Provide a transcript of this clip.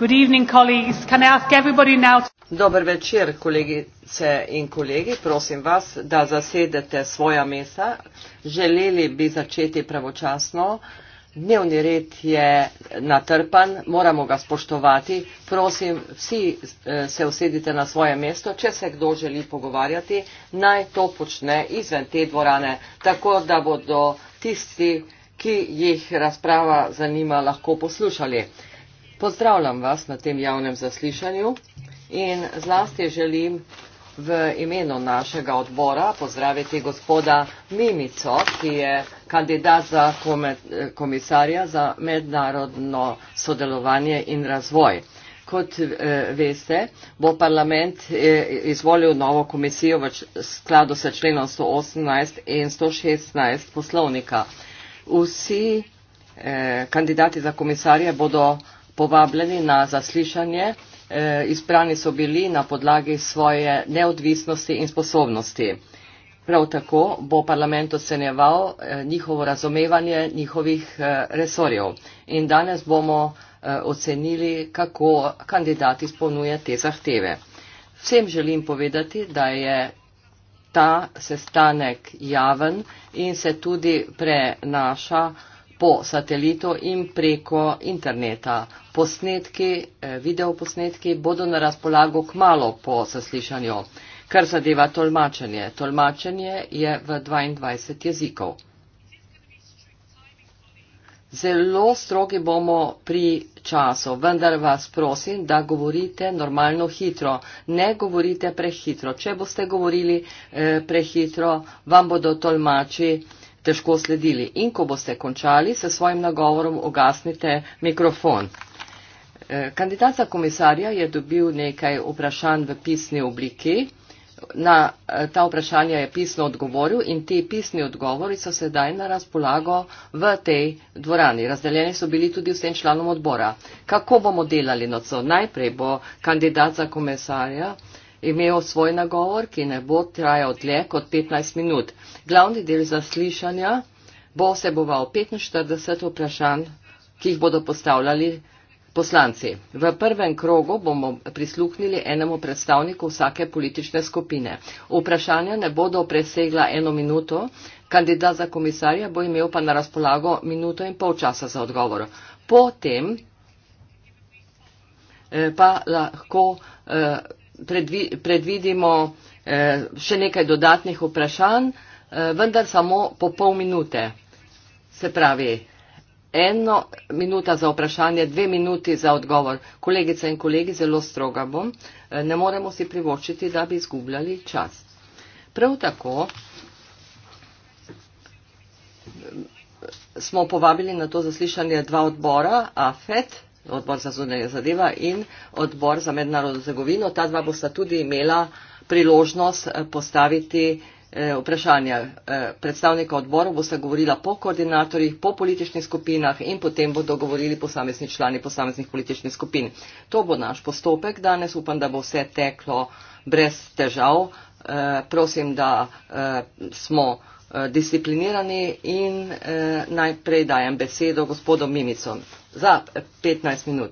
Good evening, colleagues. Can I ask everybody now to... Dober večer, kolegice in kolegi. Prosim vas, da zasedete svoja mesta. Želeli bi začeti pravočasno. Dnevni red je natrpan, moramo ga spoštovati. Prosim, vsi eh, se usedite na svoje mesto. Če se kdo želi pogovarjati, naj to počne izven te dvorane, tako da bodo tisti, ki jih razprava zanima, lahko poslušali. Pozdravljam vas na tem javnem zaslišanju in zlasti želim v imenu našega odbora pozdraviti gospoda Mimico, ki je kandidat za komisarja za mednarodno sodelovanje in razvoj. Kot eh, veste, bo parlament eh, izvolil novo komisijo v skladu s členom 118 in 116 poslovnika. Vsi eh, kandidati za komisarje bodo povabljeni na zaslišanje. E, izbrani so bili na podlagi svoje neodvisnosti in sposobnosti. Prav tako bo parlament ocenjeval e, njihovo razumevanje njihovih e, resorjev. In danes bomo e, ocenili, kako kandidat izpolnjuje te zahteve. Vsem želim povedati, da je ta sestanek javen in se tudi prenaša po satelitu in preko interneta. Posnetki, eh, videoposnetki bodo na razpolago kmalo po saslišanju, kar zadeva tolmačenje. Tolmačenje je v 22 jezikov. Zelo strogi bomo pri času, vendar vas prosim, da govorite normalno hitro. Ne govorite prehitro. Če boste govorili eh, prehitro, vam bodo tolmači težko sledili. In ko boste končali, se svojim nagovorom ogasnite mikrofon. E, kandidat za komisarja je dobil nekaj vprašanj v pisni obliki. Na e, ta vprašanja je pisno odgovoril in ti pisni odgovori so sedaj na razpolago v tej dvorani. Razdeljeni so bili tudi vsem članom odbora. Kako bomo delali nocoj? Najprej bo kandidat za komisarja eh, imel svoj nagovor, ki ne bo trajal dlje kot 15 minut. Glavni del zaslišanja bo seboval 45 vprašanj, ki jih bodo postavljali poslanci. V prvem krogu bomo prisluhnili enemu predstavniku vsake politične skupine. Vprašanja ne bodo presegla eno minuto, kandidat za komisarja bo imel pa na razpolago minuto in pol časa za odgovor. Potem eh, pa lahko eh, predvidimo eh, še nekaj dodatnih vprašanj, eh, vendar samo po pol minute. Se pravi, eno minuta za vprašanje, dve minuti za odgovor. Kolegice in kolegi, zelo stroga bom, eh, ne moremo si privočiti, da bi izgubljali čas. Prav tako smo povabili na to zaslišanje dva odbora, AFET odbor za zunanje zadeva in odbor za mednarodno trgovino. Ta dva bosta tudi imela priložnost eh, postaviti eh, vprašanja. Eh, predstavnika odborov bosta govorila po koordinatorjih, po političnih skupinah in potem bodo govorili posamezni člani posameznih političnih skupin. To bo naš postopek. Danes upam, da bo vse teklo brez težav. Eh, prosim, da eh, smo eh, disciplinirani in najprej dajem besedo gospodom Mimicom za 15 minut.